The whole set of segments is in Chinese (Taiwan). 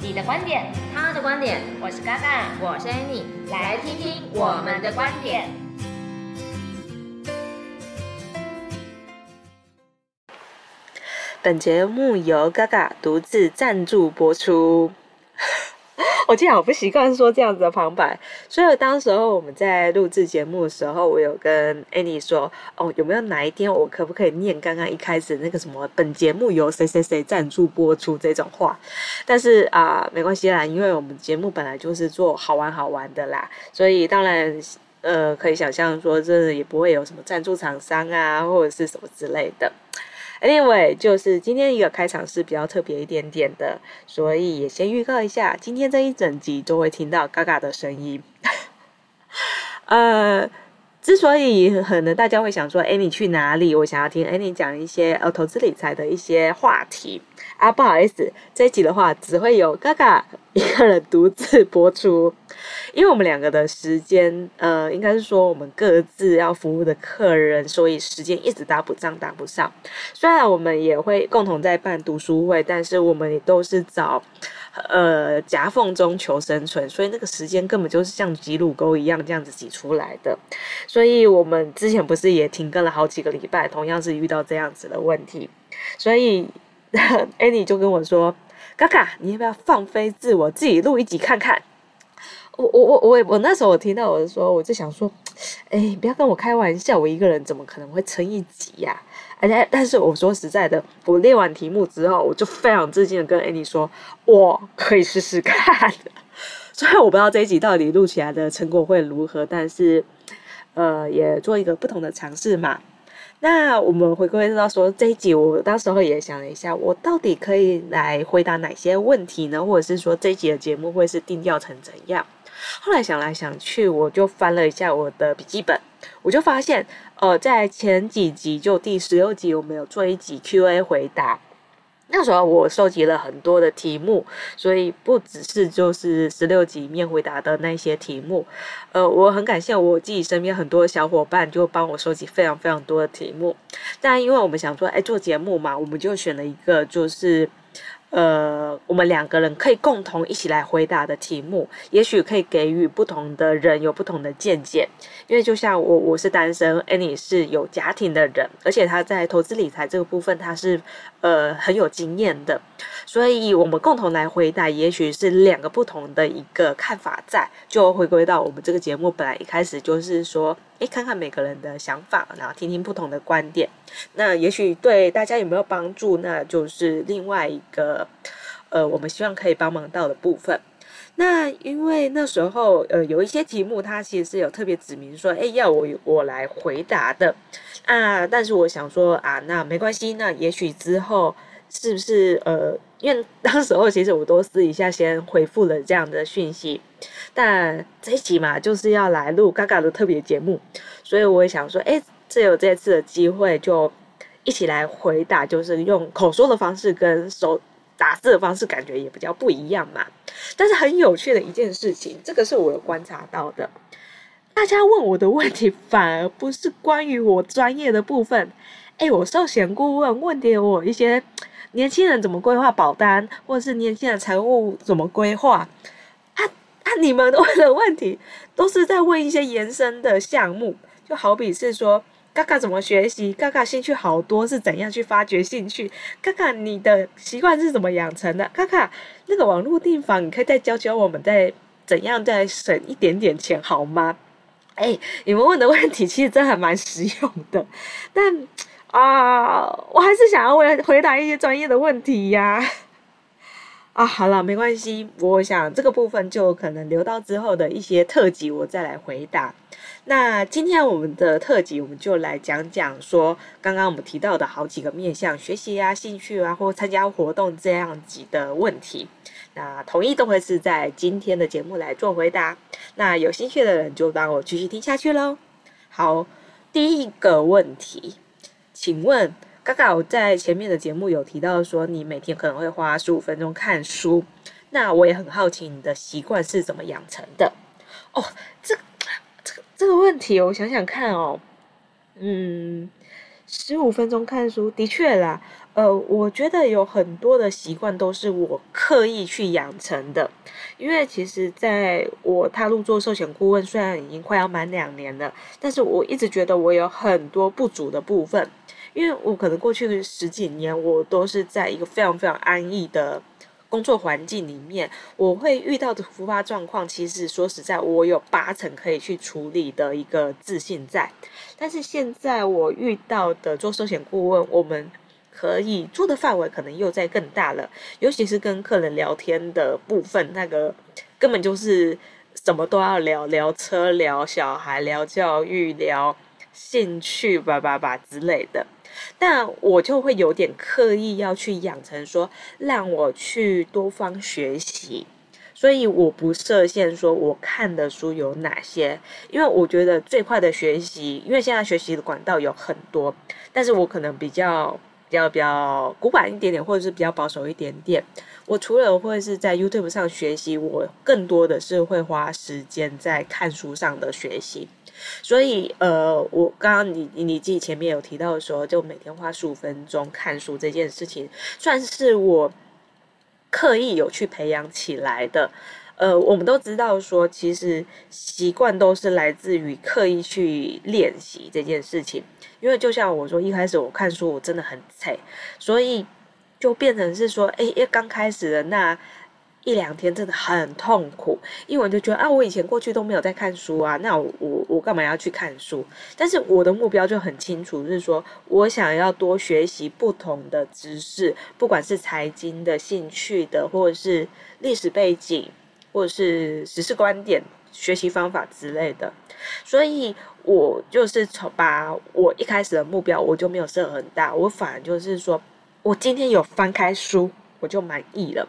你的觀點，他的觀點，我是嘎嘎，我是安妮，來聽聽我們的觀點。本節目由嘎嘎獨自贊助播出。我竟然好不習慣說這樣子的旁白，所以當時候我們在錄製節目的時候，我有跟 Annie 說，哦，有沒有哪一天我可不可以念剛剛一開始那個什麼，本節目由誰誰誰贊助播出這種話？但是啊、呃，沒關係啦，因為我們節目本來就是做好玩好玩的啦，所以當然，呃，可以想象說，這也不會有什麼贊助廠商啊，或者是什麼之類的。Anyway，就是今天一個開場是比較特別一點點的，所以也先預告一下，今天這一整集都會聽到“嘎嘎”的聲音。 呃，之所以可能大家會想說：“哎、欸，Annie 去哪裡？”我想要聽誒、欸、Annie 講一些呃、哦、投資理財的一些話題。啊，不好意思，這一集的話，只會有嘎嘎一個人獨自播出，因為我們兩個的時間，呃，應該是說我們各自要服務的客人，所以時間一直搭不上搭不上。雖然我們也會共同在辦讀書會，但是我們也都是找呃夾縫中求生存，所以那個時間根本就是像擠乳溝一樣這樣子擠出來的。所以我們之前不是也停更了好幾個禮拜，同樣是遇到這樣子的問題，所以。 然後 Annie 就跟我說：“嘎嘎，你要不要放飛自我，自己錄一集看看？”我我我我我那時候我聽到，我就說，我就想說，哎、欸，不要跟我開玩笑，我一個人怎麼可能會撐一集呀？而且，但是我說實在的，我練完題目之後，我就非常自信的跟 Annie 說：“我可以試試看。”雖然我不知道這一集到底錄起來的成果會如何，但是，呃，也做一個不同的嘗試嘛。那我們回歸到說這一集，我當時候也想了一下，我到底可以來回答哪些問題呢？或者是說這一集的節目會是定調成怎樣？後來想來想去，我就翻了一下我的筆記本，我就發現，呃，在前幾集，就第十六集，我們有做一集 Q&A 回答。那時候我收集了很多的題目，所以不只是就是十六集面回答的那些題目。呃，我很感謝我自己身邊很多小夥伴，就幫我收集非常非常多的題目。但因為我們想說，哎、欸，做節目嘛，我們就選了一個就是，呃，我們兩個人可以共同一起來回答的題目，也許可以給予不同的人有不同的見解。因為就像我，我是單身，哎、欸，你是有家庭的人，而且他在投資理財這個部分，他是。呃，很有經驗的，所以我們共同來回答，也許是兩個不同的一個看法在。就回歸到我們這個節目本來一開始就是說，誒，看看每個人的想法，然後聽聽不同的觀點。那也許對大家有沒有幫助，那就是另外一個，呃，我們希望可以幫忙到的部分。那因為那時候，呃，有一些題目，他其實是有特別指明說，哎、欸，要我我來回答的，啊，但是我想說啊，那沒關係，那也許之後是不是呃，因為當時候其實我都私底下先回覆了這樣的訊息，但這一集嘛，就是要來錄嘎嘎的特別節目，所以我也想說，哎、欸，這有這次的機會，就一起來回答，就是用口說的方式跟手。打字的方式感覺也比較不一樣嘛，但是很有趣的一件事情，這個是我有觀察到的。大家問我的問題反而不是關於我專業的部分，誒，我壽險顧問問點我一些年輕人怎麼規劃保單，或者是年輕人財務怎麼規劃，啊啊！你們問的問題都是在問一些延伸的項目，就好比是說，看看怎麼學習，看看興趣好多是怎樣去發掘興趣，看看你的習慣是怎麼養成的，看看那個網絡訂房，你可以再教教我們，再怎樣再省一點點錢好嗎？誒、欸，你們問的問題其實真還蠻實用的，但啊、呃，我還是想要回回答一些專業的問題呀、啊。啊，好了，沒關係，我想這個部分就可能留到之後的一些特輯，我再來回答。那今天我們的特輯，我們就來講講說剛剛我們提到的好幾個面向學習啊、興趣啊，或參加活動這樣子的問題。那同意都會是在今天的節目來做回答。那有興趣的人就幫我繼續聽下去嘍。好，第一個問題，請問剛剛我在前面的節目有提到說，你每天可能會花十五分鐘看書，那我也很好奇你的習慣是怎麼養成的？哦，這。這個問題我想想看哦，嗯，十五分鐘看書的確啦，呃，我覺得有很多的習慣都是我刻意去養成的，因為其實，在我踏入做壽險顧問雖然已經快要滿兩年了，但是我一直覺得我有很多不足的部分，因為我可能過去十幾年我都是在一個非常非常安逸的。工作環境裡面，我會遇到的突發狀況，其實說實在，我有八成可以去處理的一個自信在。但是現在我遇到的做壽險顧問，我們可以做的範圍可能又在更大了，尤其是跟客人聊天的部分，那個根本就是什麼都要聊，聊車、聊小孩、聊教育、聊。興趣吧吧吧之類的，但我就會有點刻意要去養成說，說讓我去多方學習，所以我不設限說我看的書有哪些，因為我覺得最快的學習，因為現在學習的管道有很多，但是我可能比較比較比較古板一點點，或者是比較保守一點點。我除了會是在 YouTube 上學習，我更多的是會花時間在看書上的學習。所以，呃，我剛剛你你你自己前面有提到的時候，就每天花十五分鐘看書這件事情，算是我刻意有去培養起來的。呃，我們都知道說，其實習慣都是來自於刻意去練習這件事情。因為就像我說，一開始我看書我真的很菜，所以就變成是說，哎，因為剛開始的那。一兩天真的很痛苦，因為我就覺得啊，我以前過去都沒有在看書啊，那我我，我幹嘛要去看書？但是我的目標就很清楚，是說我想要多學習不同的知識，不管是財經的興趣的，或者是歷史背景，或者是時事觀點、學習方法之類的。所以，我就是從把我一開始的目標，我就沒有設很大，我反而就是說我今天有翻開書，我就滿意了。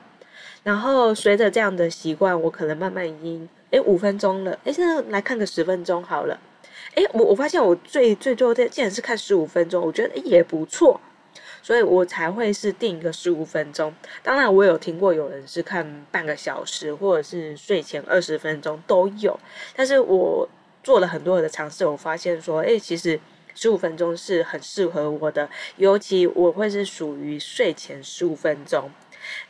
然後隨着這樣的習慣，我可能慢慢已經哎五分鐘了，哎現在來看個十分鐘好了，哎我我發現我最最後的竟然是看十五分鐘，我覺得哎也不錯，所以我才會是定一個十五分鐘。當然我有聽過有人是看半個小時，或者是睡前二十分鐘都有，但是我做了很多的嘗試，我發現說哎其實十五分鐘是很適合我的，尤其我會是屬於睡前十五分鐘。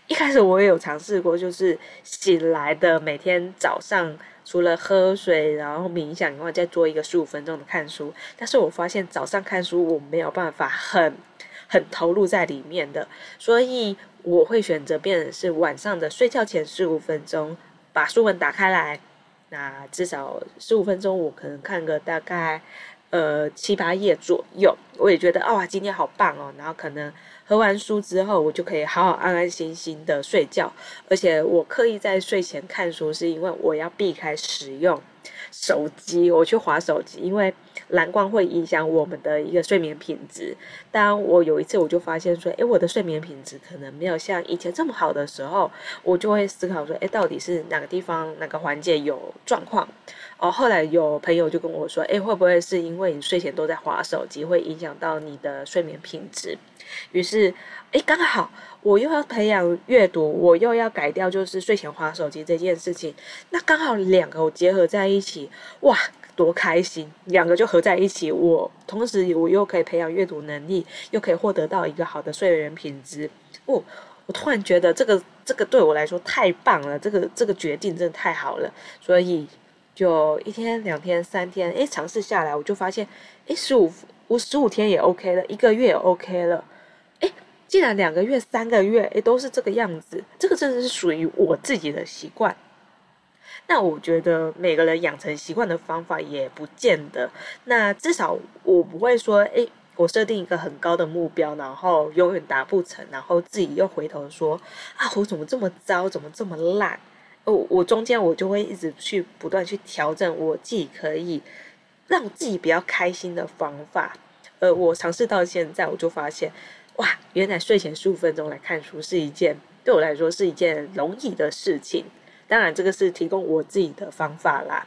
一開始我也有嘗試過，就是醒來的每天早上，除了喝水，然後冥想以外，再做一個十五分鐘的看書。但是我發現早上看書我沒有辦法很很投入在裡面的，所以我會選擇變成是晚上的睡覺前十五分鐘，把書本打開來，那至少十五分鐘我可能看個大概呃七八頁左右，我也覺得哦，今天好棒哦，然後可能。讀完書之後，我就可以好好安安心心的睡覺。而且我刻意在睡前看書，是因為我要避開使用手機。我去滑手機，因為。藍光會影響我們的一個睡眠品質。當我有一次我就發現說，誒，我的睡眠品質可能沒有像以前這麼好的時候，我就會思考說，誒，到底是哪個地方、哪個環節有狀況？哦，後來有朋友就跟我說，誒，會不會是因為你睡前都在滑手機，會影響到你的睡眠品質？於是，誒，剛好我又要培養閱讀，我又要改掉就是睡前滑手機這件事情，那剛好兩個我結合在一起，哇！多開心，兩個就合在一起。我同時我又可以培養閱讀能力，又可以獲得到一個好的睡眠品質。我、哦、我突然覺得這個這個對我來說太棒了，這個這個決定真的太好了。所以就一天、兩天、三天，誒，嘗試下來，我就發現，誒，十五，我十五天也 OK 了，一個月也 OK 了。誒，竟然兩個月、三個月，誒，都是這個樣子。這個真的是屬於我自己的習慣。那我覺得每個人養成習慣的方法也不見得。那至少我不會說，誒，我設定一個很高的目標，然後永遠達不成，然後自己又回頭說，啊，我怎麼這麼糟，怎麼這麼爛？哦，我中間我就會一直去不斷去調整我自己，可以讓自己比較開心的方法。呃，我嘗試到現在，我就發現，哇，原來睡前十五分鐘來看書是一件對我來說是一件容易的事情。當然，這個是提供我自己的方法啦。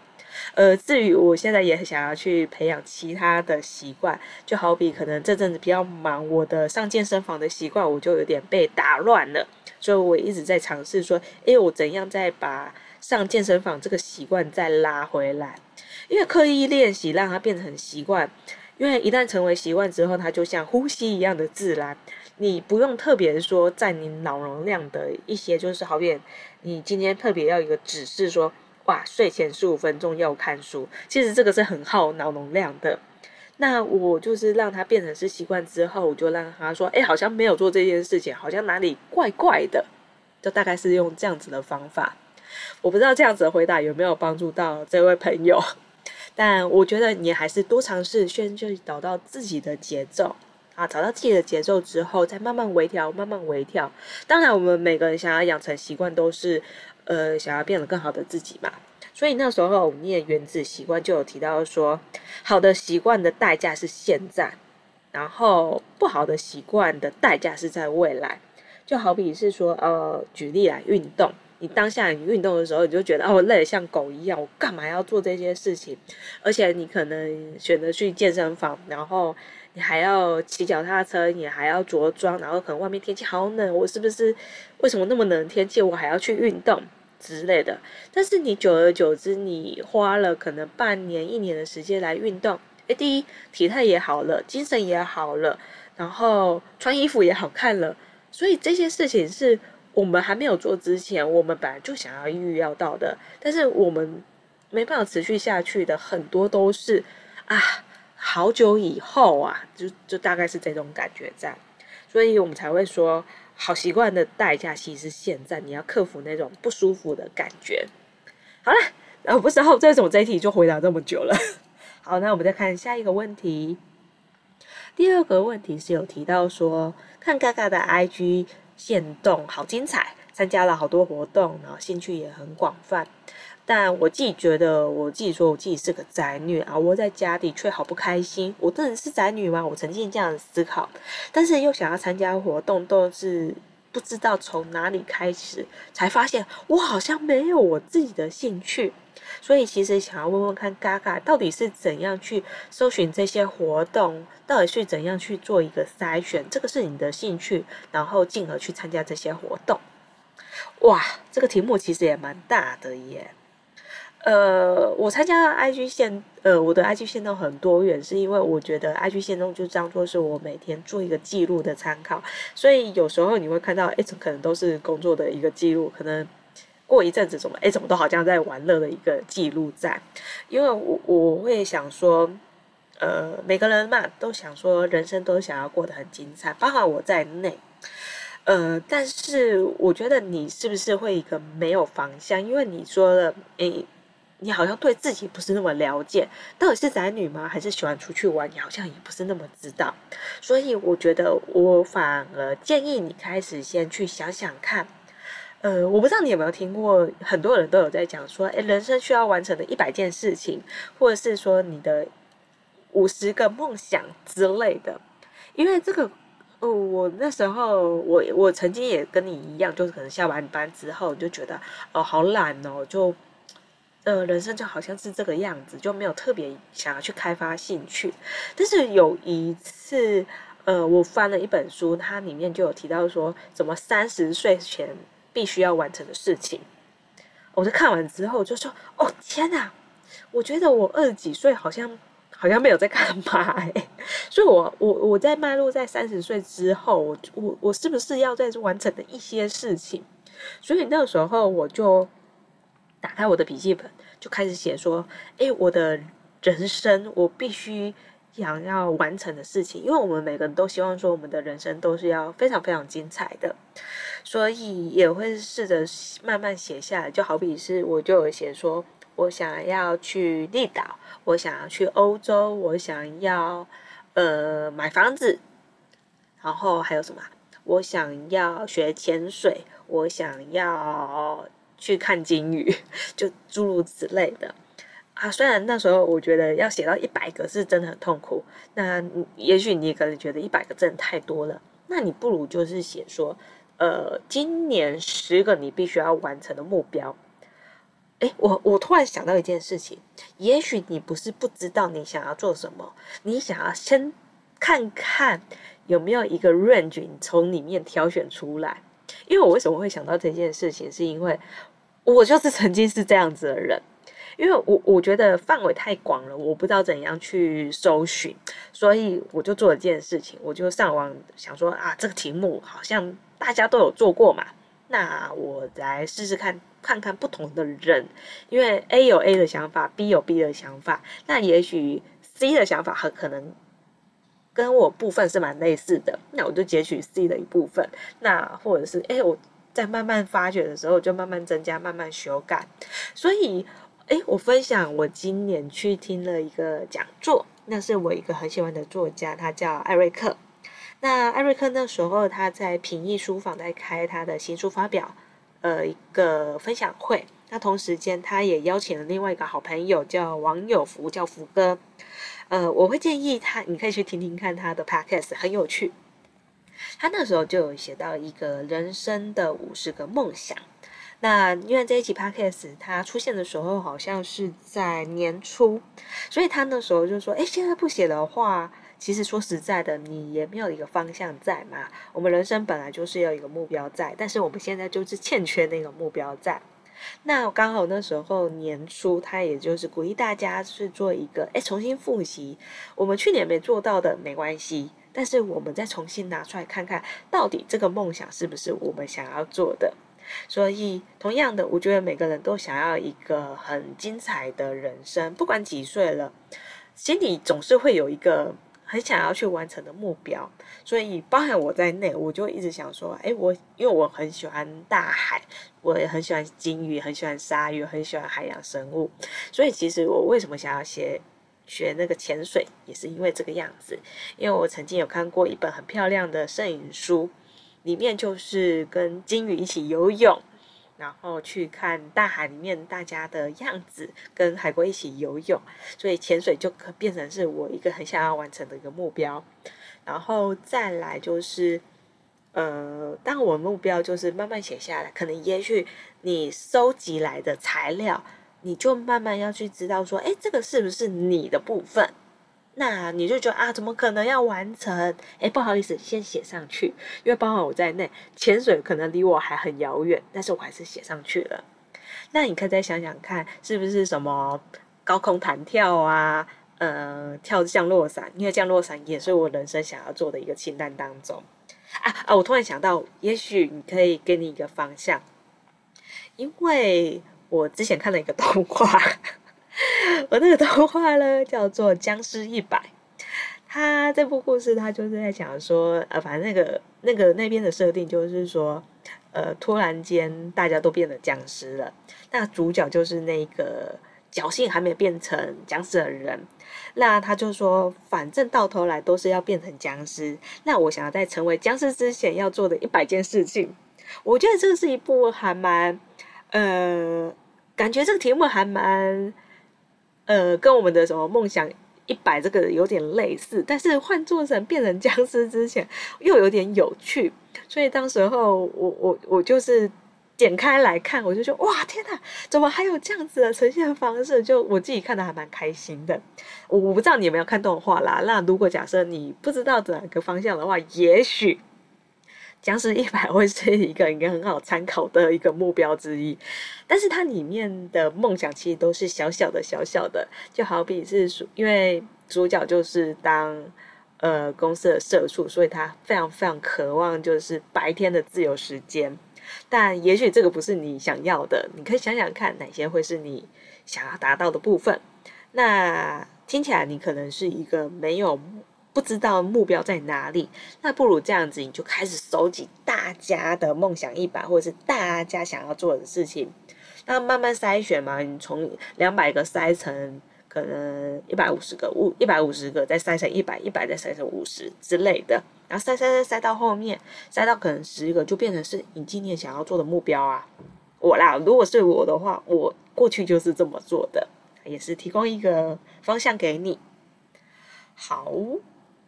呃，至於我現在也很想要去培養其他的習慣，就好比可能這陣子比較忙，我的上健身房的習慣我就有點被打亂了，所以我一直在嘗試說，誒，我怎樣再把上健身房這個習慣再拉回來？因為刻意練習讓它變成習慣，因為一旦成為習慣之後，它就像呼吸一樣的自然。你不用特別說在你腦容量的一些，就是好比，你今天特別要一個指示說，哇，睡前十五分鐘要看書，其實這個是很耗腦容量的。那我就是讓他變成是習慣之後，我就讓他說，誒、欸，好像沒有做這件事情，好像哪裡怪怪的，就大概是用這樣子的方法。我不知道這樣子的回答有沒有幫助到這位朋友，但我覺得你還是多嘗試，先去找到自己的節奏。啊，找到自己的節奏之後，再慢慢微調，慢慢微調。當然，我們每個人想要養成習慣，都是呃想要變得更好的自己嘛。所以那時候我們念原子習慣就有提到說，好的習慣的代價是現在，然後不好的習慣的代價是在未來。就好比是說，呃，舉例來運動，你當下你運動的時候，你就覺得哦，我累得像狗一樣，我幹嘛要做這些事情？而且你可能選擇去健身房，然後。你還要騎腳踏車，你還要着裝，然後可能外面天氣好冷，我是不是為什麼那麼冷的天氣我還要去運動之類的？但是你久而久之，你花了可能半年、一年的時間來運動，誒、欸，第一體態也好了，精神也好了，然後穿衣服也好看了。所以這些事情是我們還沒有做之前，我們本來就想要預料到的，但是我們沒辦法持續下去的很多都是啊。好久以後啊，就就大概是這種感覺在，所以我們才會說好習慣的代價，其實現在你要克服那種不舒服的感覺。好啦，然後不知道，這種這一題就回答這麼久了。好，那我們再看下一個問題。第二個問題是有提到說看嘎嘎的 IG 限動好精彩，參加了好多活動，然後興趣也很廣泛。但我自己覺得，我自己說我自己是個宅女啊，窩在家裡卻好不開心。我真的是宅女嗎？我曾經這樣思考，但是又想要參加活動，都是不知道從哪裡開始。才發現我好像沒有我自己的興趣，所以其實想要問問看嘎嘎到底是怎樣去搜尋這些活動，到底是怎樣去做一個篩選，這個是你的興趣，然後進而去參加這些活動。哇，這個題目其實也蠻大的耶。呃，我參加的 IG 限，呃，我的 IG 限動很多元，是因為我覺得 IG 限動就當做，是我每天做一個記錄的參考。所以有時候你會看到，哎、欸，可能都是工作的一個記錄，可能過一陣子，怎麼哎，怎麼都好像在玩樂的一個記錄在。因為我我會想說，呃，每個人嘛都想說，人生都想要過得很精彩，包括我在內。呃，但是我覺得你是不是會一個沒有方向？因為你說了，誒、欸。你好像對自己不是那麼了解，到底是宅女嗎？還是喜歡出去玩？你好像也不是那麼知道，所以我覺得我反而建議你開始先去想想看。呃，我不知道你有沒有聽過，很多人都有在講說，誒，人生需要完成的一百件事情，或者是說你的五十個夢想之類的。因為這個，呃，我那時候我我曾經也跟你一樣，就是可能下完班，班之後就覺得哦，呃，好懶哦，就。呃，人生就好像是這個樣子，就沒有特別想要去開發興趣。但是有一次，呃，我翻了一本書，它裡面就有提到說什麼三十歲前必須要完成的事情。我就看完之後就說：“哦，天吶，我覺得我二十幾歲好像好像沒有在幹嘛。”所以我，我我我在邁入在三十歲之後，我我我是不是要再完成的一些事情？所以那個時候我就。打開我的筆記本，就開始寫說：“誒、欸，我的人生，我必須想要完成的事情，因為我們每個人都希望說，我們的人生都是要非常非常精彩的，所以也會試着慢慢寫下來。就好比是，我就有寫說，我想要去離島，我想要去歐洲，我想要呃買房子，然後還有什麼？我想要學潛水，我想要。”去看金魚，就諸如此類的啊。雖然那時候我覺得要寫到一百個是真的很痛苦，那也許你可能覺得一百個真的太多了，那你不如就是寫說，呃，今年十個你必須要完成的目標。誒、欸，我我突然想到一件事情，也許你不是不知道你想要做什麼，你想要先看看有沒有一個 range，你從裡面挑選出來。因為我為什麼會想到這件事情，是因為。我就是曾經是這樣子的人，因為我我覺得範圍太廣了，我不知道怎樣去搜尋，所以我就做了件事情，我就上網想說啊，這個題目好像大家都有做過嘛，那我來試試看，看看不同的人，因為 A 有 A 的想法，B 有 B 的想法，那也許 C 的想法很可能跟我部分是蠻類似的，那我就截取 C 的一部分，那或者是誒我。在慢慢發掘的時候，就慢慢增加，慢慢修改。所以，誒、欸，我分享我今年去聽了一個講座，那是我一個很喜歡的作家，他叫艾瑞克。那艾瑞克那時候他在平易書房在開他的新書發表呃一個分享會，那同時間他也邀請了另外一個好朋友叫王永福，叫福哥。呃，我會建議他，你可以去聽聽看他的 podcast，很有趣。他那時候就有寫到一個人生的五十個夢想。那因為這一期 Podcast 他出現的時候好像是在年初，所以他那時候就說：“誒，現在不寫的話，其實說實在的，你也沒有一個方向在嘛。我們人生本來就是有一個目標在，但是我們現在就是欠缺那個目標在。那剛好那時候年初，他也就是鼓勵大家是做一個誒，重新複習，我們去年沒做到的沒關係。”但是我們再重新拿出來看，看，看到底這個夢想是不是我們想要做的？所以，同樣的，我覺得每個人都想要一個很精彩的人生，不管幾歲了，心裡總是會有一個很想要去完成的目標。所以，包含我在內，我就一直想說，誒，我因為我很喜歡大海，我也很喜歡鯨魚，很喜歡鯊魚，很喜歡海洋生物。所以，其實我為什麼想要寫？學那個潛水也是因為這個樣子，因為我曾經有看過一本很漂亮的攝影書，裡面就是跟鯨魚一起游泳，然後去看大海裡面大家的樣子，跟海龜一起游泳，所以潛水就可變成是我一個很想要完成的一個目標。然後再來就是，呃，當我目標就是慢慢寫下來，可能也許你收集來的材料。你就慢慢要去知道說，哎，這個是不是你的部分？那你就覺得啊，怎麼可能要完成？哎，不好意思，先寫上去，因為包括我在內，潛水可能離我還很遙遠，但是我還是寫上去了。那你可以再想想看，是不是什麼高空彈跳啊，呃，跳降落傘？因為降落傘也是我人生想要做的一個清單當中。啊啊！我突然想到，也許你可以給你一個方向，因為。我之前看了一個動畫， 我那個動畫呢叫做《僵屍一百》。他這部故事他就是在講說，呃，反正那個那個那邊的設定就是說，呃，突然間大家都變了僵屍了。那主角就是那個僥倖還沒有變成僵屍的人。那他就說，反正到頭來都是要變成僵屍。那我想要在成為僵屍之前要做的一百件事情。我覺得這是一部還蠻呃。感覺這個題目還蠻，呃，跟我們的什麼夢想一百這個有點類似，但是換做成變成殭屍之前又有點有趣，所以當時候我我我就是點開來看，我就說哇天哪，怎麼還有這樣子的呈現方式？就我自己看的還蠻開心的。我我不知道你有沒有看動畫啦。那如果假設你不知道哪個方向的話，也許。殭屍一百會是一個應該很好參考的一個目標之一，但是它裡面的夢想其實都是小小的、小小的，就好比是因為主角就是當呃公司的社畜，所以他非常非常渴望就是白天的自由時間，但也許這個不是你想要的，你可以想想看哪些會是你想要達到的部分。那聽起來你可能是一個沒有。不知道目標在哪裡，那不如這樣子，你就開始收集大家的夢想一百，或者是大家想要做的事情，那慢慢篩選嘛。你從兩百個篩成可能一百五十個，五一百五十個再篩成一百，一百再篩成五十之類的，然後篩篩篩篩到後面，篩到可能十個，就變成是你今年想要做的目標啊。我啦，如果是我的話，我過去就是這麼做的，也是提供一個方向給你。好。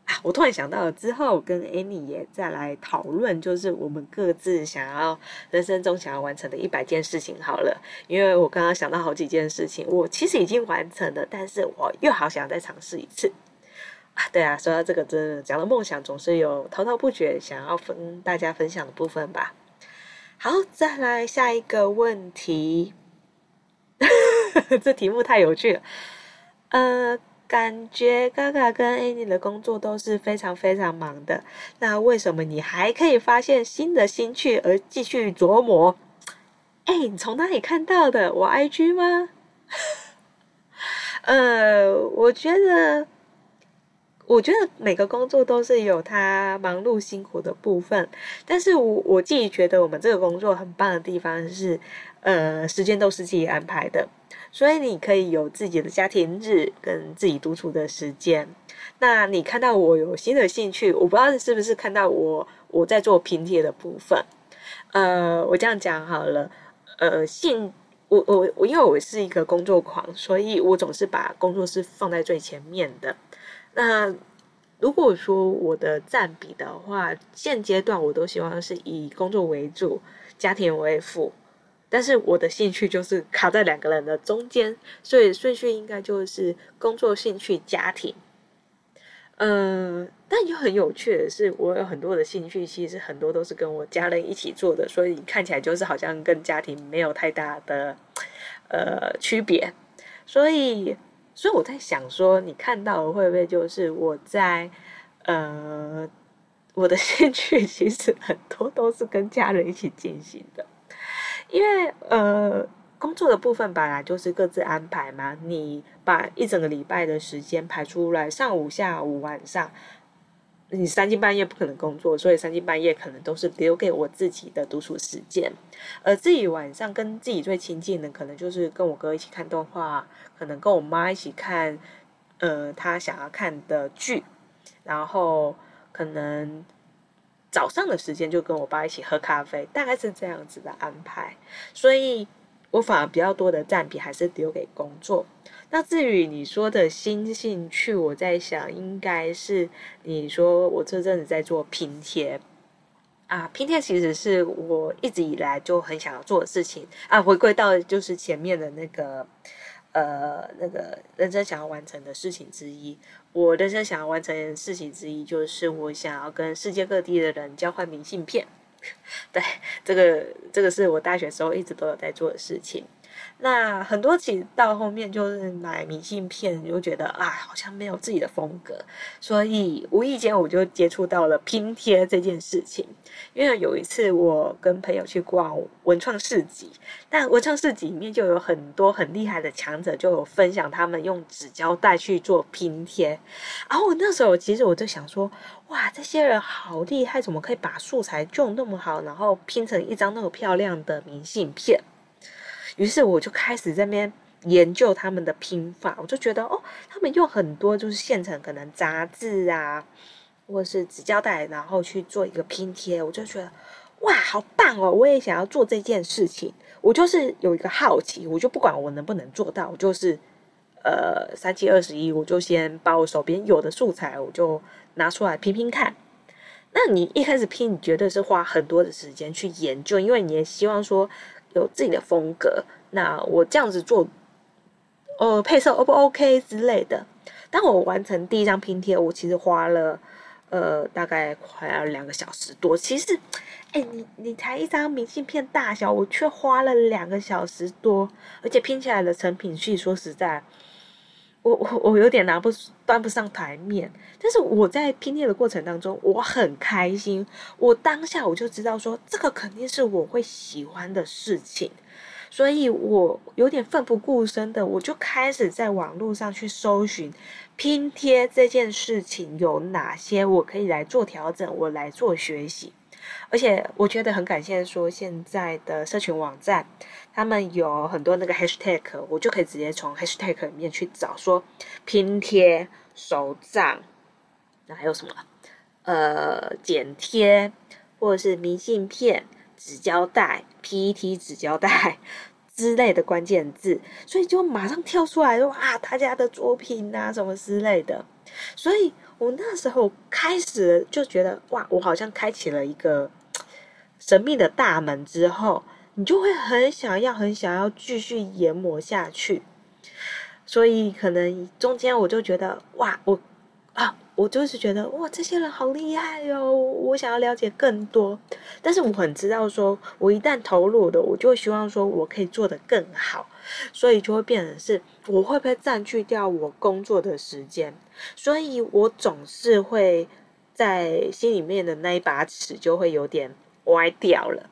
啊！我突然想到了，之後跟 Annie 也再來討論，就是我們各自想要人生中想要完成的一百件事情好了。因為我剛剛想到好幾件事情，我其實已經完成了，但是我又好想再嘗試一次。啊，對啊，說到這個，真的講到夢想，總是有滔滔不絕想要分大家分享的部分吧。好，再來下一個問題。 這題目太有趣了。呃。感覺嘎嘎跟 Annie、欸、的工作都是非常非常忙的，那為什麼你還可以發現新的興趣而繼續琢磨？哎、欸，你從哪裡看到的？我 IG 嗎？ 呃，我覺得，我覺得每個工作都是有它忙碌辛苦的部分，但是我我自己覺得我們這個工作很棒的地方是，呃，時間都是自己安排的。所以你可以有自己的家庭日跟自己獨處的時間。那你看到我有新的興趣，我不知道是不是看到我我在做拼貼的部分。呃，我這樣講好了。呃，性我我我因為我是一個工作狂，所以我總是把工作是放在最前面的。那如果說我的占比的話，現階段我都希望是以工作為主，家庭為輔。但是我的興趣就是卡在兩個人的中間，所以順序應該就是工作、興趣、家庭。嗯、呃，但又很有趣的是，我有很多的興趣，其實很多都是跟我家人一起做的，所以看起來就是好像跟家庭沒有太大的呃區別。所以，所以我在想說，你看到的會不會就是我在呃，我的興趣其實很多都是跟家人一起進行的。因為呃，工作的部分本來就是各自安排嘛。你把一整個禮拜的時間排出來，上午、下午、晚上，你三更半夜不可能工作，所以三更半夜可能都是留給我自己的讀書時間。而自己晚上跟自己最親近的，可能就是跟我哥一起看動畫，可能跟我媽一起看，呃，他想要看的劇，然後可能。早上的時間就跟我爸一起喝咖啡，大概是這樣子的安排。所以我反而比較多的占比還是丟給工作。那至於你說的新興趣，我在想應該是你說我這陣子在做拼貼啊，拼貼其實是我一直以來就很想要做的事情啊。回歸到就是前面的那個。呃，那個人生想要完成的事情之一，我人生想要完成的事情之一，就是我想要跟世界各地的人交換明信片。 對，這個這個是我大學時候一直都有在做的事情。那很多其實到後面就是買明信片，就覺得啊，好像沒有自己的風格，所以無意間我就接觸到了拼貼這件事情。因為有一次我跟朋友去逛文創市集，但文創市集裡面就有很多很厲害的強者，就有分享他們用紙膠帶去做拼貼。然後我那時候其實我就想說，哇，這些人好厲害，怎麼可以把素材種那麼好，然後拼成一張那麼漂亮的明信片？於是我就開始在那邊研究他們的拼法，我就覺得哦，他們用很多就是現成可能雜誌啊，或者是紙膠帶，然後去做一個拼貼，我就覺得哇，好棒哦！我也想要做這件事情，我就是有一個好奇，我就不管我能不能做到，我就是呃三七二十一，3, 21, 我就先把我手邊有的素材，我就拿出來拼拼看。那你一開始拼，你覺得是花很多的時間去研究，因為你也希望說。有自己的風格，那我這樣子做，呃，配色 O 不 OK 之類的。當我完成第一張拼貼，我其實花了呃大概快要兩個小時多。其實，哎、欸，你你才一張明信片大小，我卻花了兩個小時多，而且拼起來的成品，據說實在。我我我有點拿不端不上台面，但是我在拼貼的過程當中，我很開心。我當下我就知道說，這個肯定是我會喜歡的事情，所以我有點奮不顧身的，我就開始在網絡上去搜尋拼貼這件事情有哪些我可以來做調整，我來做學習。而且我覺得很感謝說現在的社群網站。他們有很多那個 hashtag，我就可以直接從 hashtag 裡面去找說，說拼貼手賬，那還有什麼？呃，剪貼或者是明信片、紙膠帶、PET 紙膠帶之類的關鍵字，所以就馬上跳出來說啊，大家的作品啊，什麼之類的。所以我那時候開始就覺得，哇，我好像開啟了一個神秘的大門之後。你就會很想要，很想要繼續研磨下去，所以可能中間我就覺得，哇，我啊，我就是覺得，哇，這些人好厲害喲，哦，我想要了解更多。但是我很知道說，說我一旦投入的，我就希望說我可以做得更好，所以就會變成是我會不會佔據掉我工作的時間，所以我總是會在心裡面的那一把尺就會有點歪掉了。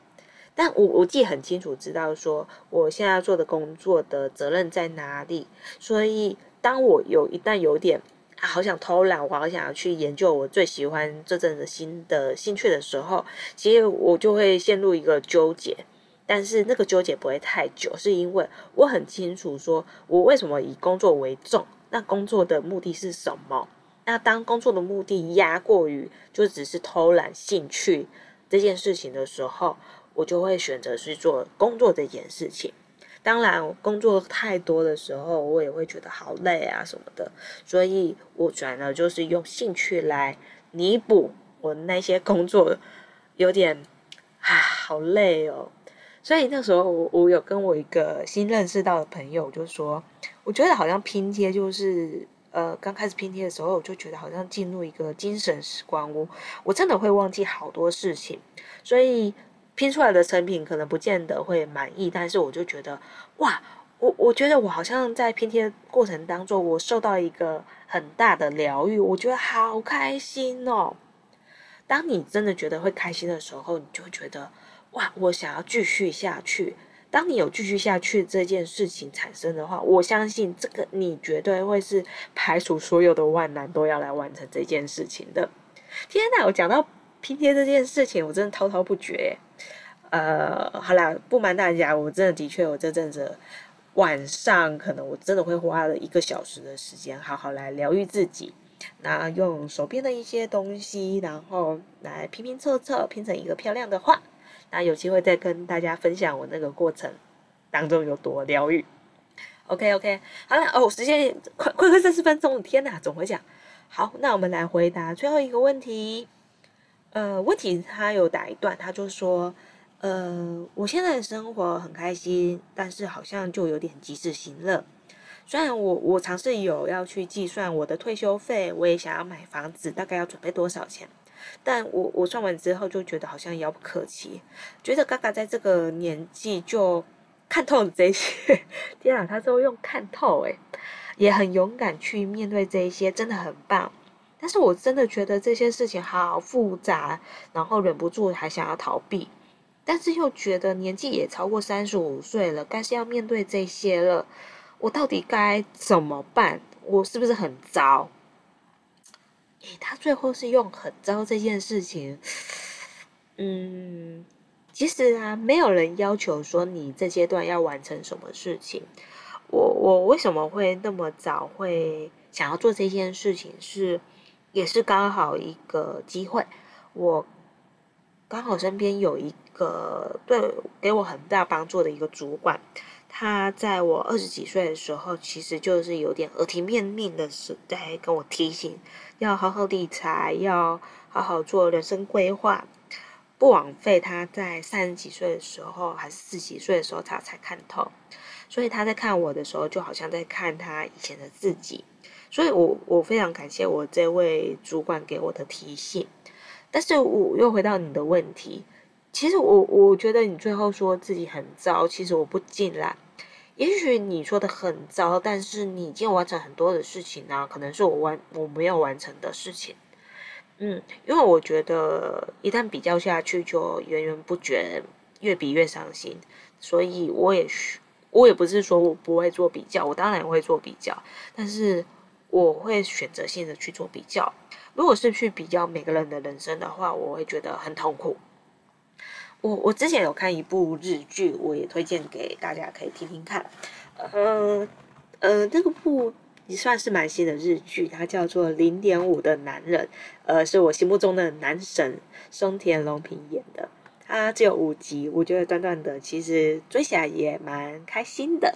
但我我自己很清楚知道說，說我現在做的工作的責任在哪裡。所以，當我有一旦有點啊，好想偷懶，我好想要去研究我最喜歡這陣子新的興趣的時候，其實我就會陷入一個糾結。但是那個糾結不會太久，是因為我很清楚說，說我為什麼以工作為重。那工作的目的是什麼？那當工作的目的壓過於就只是偷懶興趣這件事情的時候。我就會選擇去做工作這件事情。當然，工作太多的時候，我也會覺得好累啊什麼的。所以，我轉而就是用興趣來彌補我那些工作有點啊好累哦。所以那時候我，我有跟我一個新認識到的朋友就說，我覺得好像拼貼，就是呃剛開始拼貼的時候，我就覺得好像進入一個精神時光屋，我真的會忘記好多事情，所以。拼出來的成品可能不見得會滿意，但是我就覺得，哇，我我覺得我好像在拼貼過程當中，我受到一個很大的療癒，我覺得好開心哦。當你真的覺得會開心的時候，你就會覺得，哇，我想要繼續下去。當你有繼續下去這件事情產生的話，我相信這個你絕對會是排除所有的萬難都要來完成這件事情的。天吶，我講到拼貼這件事情，我真的滔滔不絕。呃，好啦，不瞞大家，我真的的確，我這陣子晚上可能我真的會花了一個小時的時間，好好來療癒自己。那用手邊的一些東西，然後來拼拼湊湊，拼成一個漂亮的畫。那有機會再跟大家分享我那個過程當中有多療癒。OK OK，好啦，哦，時間快快快三十分鐘，天哪，總會講。好，那我們來回答最後一個問題。呃，問題他有打一段，他就說。呃，我現在的生活很開心，但是好像就有點及時行樂。雖然我我嘗試有要去計算我的退休費，我也想要買房子，大概要準備多少錢，但我我算完之後就覺得好像遙不可及，覺得嘎嘎在這個年紀就看透了這些。 天啊，他都用看透誒，也很勇敢去面對這一些，真的很棒。但是我真的覺得這些事情好，好複雜，然後忍不住還想要逃避。但是又覺得年紀也超過三十五歲了，該是要面對這些了。我到底該怎麼辦？我是不是很糟？誒，他最後是用“很糟”這件事情，嗯，其實啊，沒有人要求說你這階段要完成什麼事情。我我為什麼會那麼早會想要做這件事情是？是也是剛好一個機會。我。剛好身邊有一個對給我很大幫助的一個主管，他在我二十幾歲的時候，其實就是有點耳提面命的是在跟我提醒，要好好理財，要好好做人生規劃，不枉費他在三十幾歲的時候還是四十幾歲的時候，他才，才看透。所以他在看我的時候，就好像在看他以前的自己。所以我我非常感謝我這位主管給我的提醒。但是我又回到你的問題，其實我我覺得你最後說自己很糟，其實我不盡然。也許你說的很糟，但是你已經完成很多的事情呢，啊，可能是我完我沒有完成的事情。嗯，因為我覺得一旦比較下去，就源源不絕，越比越傷心。所以我也，我也不是說我不會做比較，我當然會做比較，但是我會選擇性的去做比較。如果是去比較每個人的人生的話，我會覺得很痛苦。我我之前有看一部日劇，我也推薦給大家可以聽聽看。呃呃，這個部也算是蠻新的日劇，它叫做《零點五的男人》，呃，是我心目中的男神松田龍平演的。它只有五集，我覺得短短的，其實追起來也蠻開心的。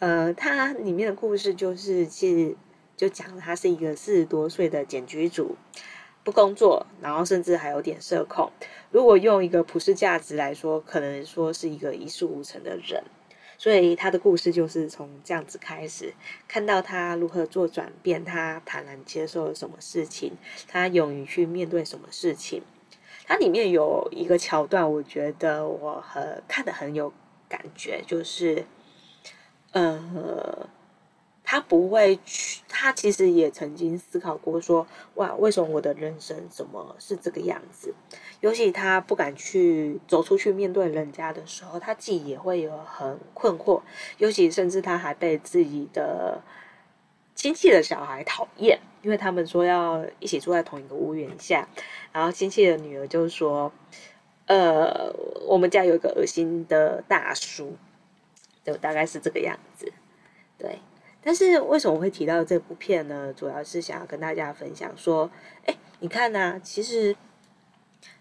呃，它裡面的故事就是其實。就講了，他是一個四十多歲的繭居族，不工作，然後甚至還有點社恐。如果用一個普世價值來說，可能說是一個一事無成的人。所以他的故事就是從這樣子開始，看到他如何做轉變，他坦然接受了什麼事情，他勇於去面對什麼事情。它裡面有一個橋段，我覺得我很看得很有感覺，就是，呃。他不會去，他其實也曾經思考過說，說哇，為什麼我的人生怎麼是這個樣子？尤其他不敢去走出去面對人家的時候，他自己也會有很困惑。尤其甚至他還被自己的親戚的小孩討厭，因為他們說要一起住在同一個屋檐下，然後親戚的女兒就說，呃，我們家有一個噁心的大叔，就大概是這個樣子，對。但是為什麼會提到這部片呢？主要是想要跟大家分享說，誒，你看吶，其實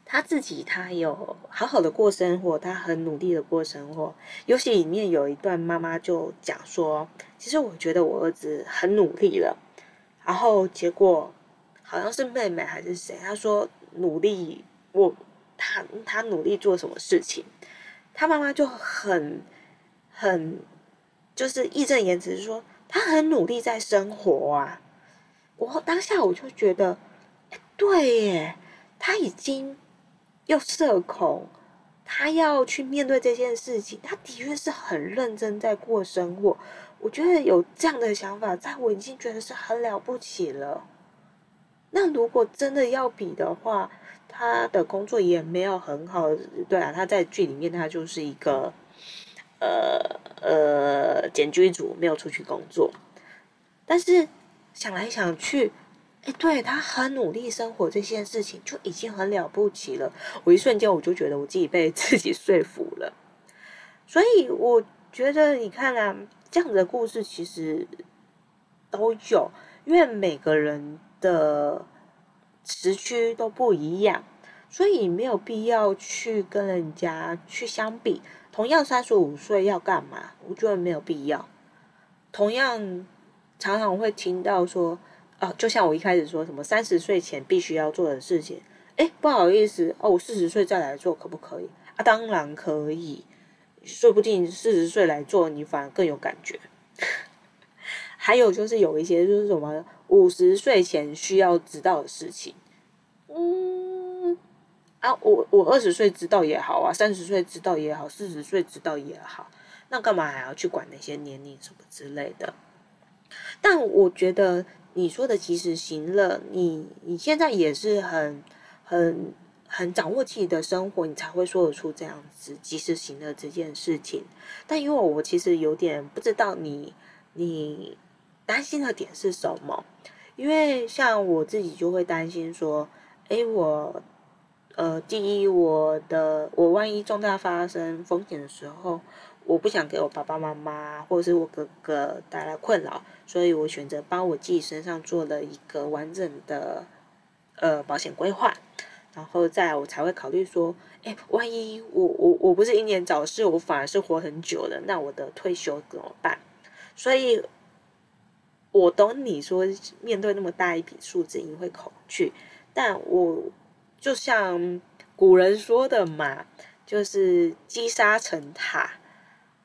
他自己他有好好的過生活，他很努力的過生活。尤其裡面有一段媽媽就講說，其實我覺得我兒子很努力了，然後結果好像是妹妹還是誰，他說努力我他他努力做什麼事情，他媽媽就很很就是義正言辭說。他很努力在生活啊！我當下我就覺得，欸、對耶，他已經又社恐，他要去面對這件事情，他的確是很認真在過生活。我覺得有這樣的想法，在我已經覺得是很了不起了。那如果真的要比的話，他的工作也沒有很好。對啊，他在劇裡面他就是一個，呃呃。繭居族沒有出去工作，但是想來想去，哎、欸，對他很努力生活這件事情就已經很了不起了。我一瞬間我就覺得我自己被自己說服了。所以我覺得，你看啊，這樣子的故事其實都有，因為每個人的時區都不一樣，所以沒有必要去跟人家去相比。同樣三十五歲要幹嘛？我覺得沒有必要。同樣，常常會聽到說，哦，就像我一開始說什麼三十歲前必須要做的事情，哎，不好意思，哦，我四十歲再來做可不可以？啊，當然可以，說不定四十歲來做你反而更有感覺。還有就是有一些就是什麼五十歲前需要知道的事情，嗯。啊，我我二十歲知道也好啊，三十歲知道也好，四十歲知道也好，那幹嘛還要去管那些年齡什麼之類的？但我覺得你說的及時行樂，你你現在也是很很很掌握自己的生活，你才會說得出這樣子及時行樂這件事情。但因為我其實有點不知道你你擔心的點是什麼，因為像我自己就會擔心說，誒、欸，我。呃，第一，我的我萬一重大發生風險的時候，我不想給我爸爸媽媽或者是我哥哥帶來困擾，所以我選擇幫我自己身上做了一個完整的呃保險規劃，然後再我才會考慮說，哎，萬一我我我不是英年早逝，我反而是活很久了，那我的退休怎麼辦？所以，我懂你說面對那麼大一筆數字你會恐懼，但我。就像古人說的嘛，就是積沙成塔，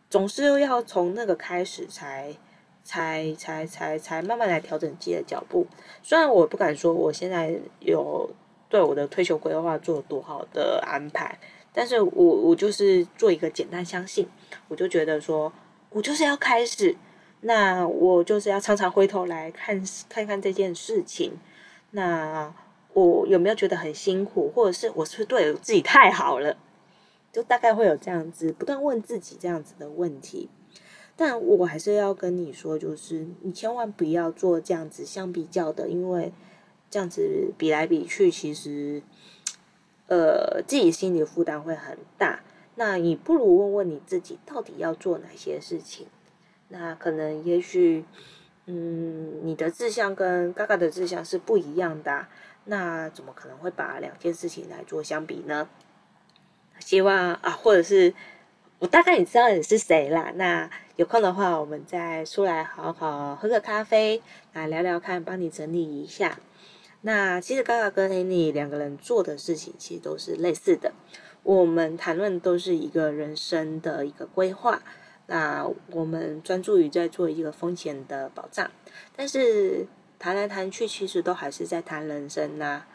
總是要從那個開始才，才才才才才慢慢來調整自己的腳步。雖然我不敢說我現在有對我的退休規劃做多好的安排，但是我我就是做一個簡單相信，我就覺得說，我就是要開始，那我就是要常常回頭來看看看這件事情，那。我有沒有覺得很辛苦，或者是我是不是對自己太好了？就大概會有這樣子不斷問自己這樣子的問題。但我還是要跟你說，就是你千萬不要做這樣子相比較的，因為這樣子比來比去，其實呃自己心理負擔會很大。那你不如問問你自己，到底要做哪些事情？那可能也許，嗯，你的志向跟嘎嘎的志向是不一樣的啊。那怎麼可能會把兩件事情來做相比呢？希望啊，或者是我大概也知道你是誰啦。那有空的話，我們再出來好好喝個咖啡，來聊聊看，幫你整理一下。那其實剛剛哥跟你兩個人做的事情，其實都是類似的。我們談論都是一個人生的一個規劃。那我們專注於在做一個風險的保障，但是。談來談去，其實都還是在談人生吶、啊。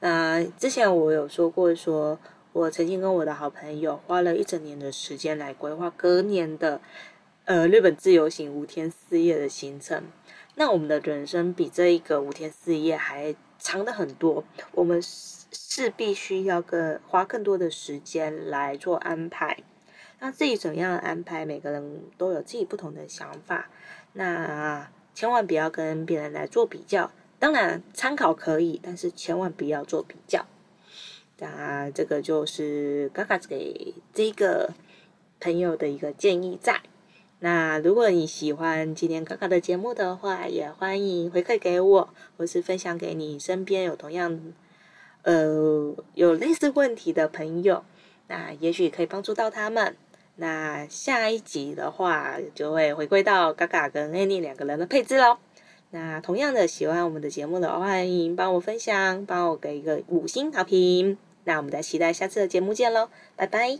那、呃、之前我有說過說，說我曾經跟我的好朋友花了一整年的時間來規劃隔年的呃日本自由行五天四夜的行程。那我們的人生比這一個五天四夜還長得很多，我們是必須要更花更多的時間來做安排。那自己怎樣安排，每個人都有自己不同的想法。那。千萬不要跟別人來做比較，當然參考可以，但是千萬不要做比較。啊，這個就是嘎嘎給這個朋友的一個建議在，在那，如果你喜歡今天嘎嘎的節目的話，也歡迎回饋給我，或是分享給你身邊有同樣呃有類似問題的朋友，那也許可以幫助到他們。那下一集的話，就會回歸到嘎嘎跟安妮兩個人的配置嘍。那同樣的，喜歡我們的節目的話，歡迎幫我分享，幫我給一個五星好評。那我們再期待下次的節目見嘍，拜拜。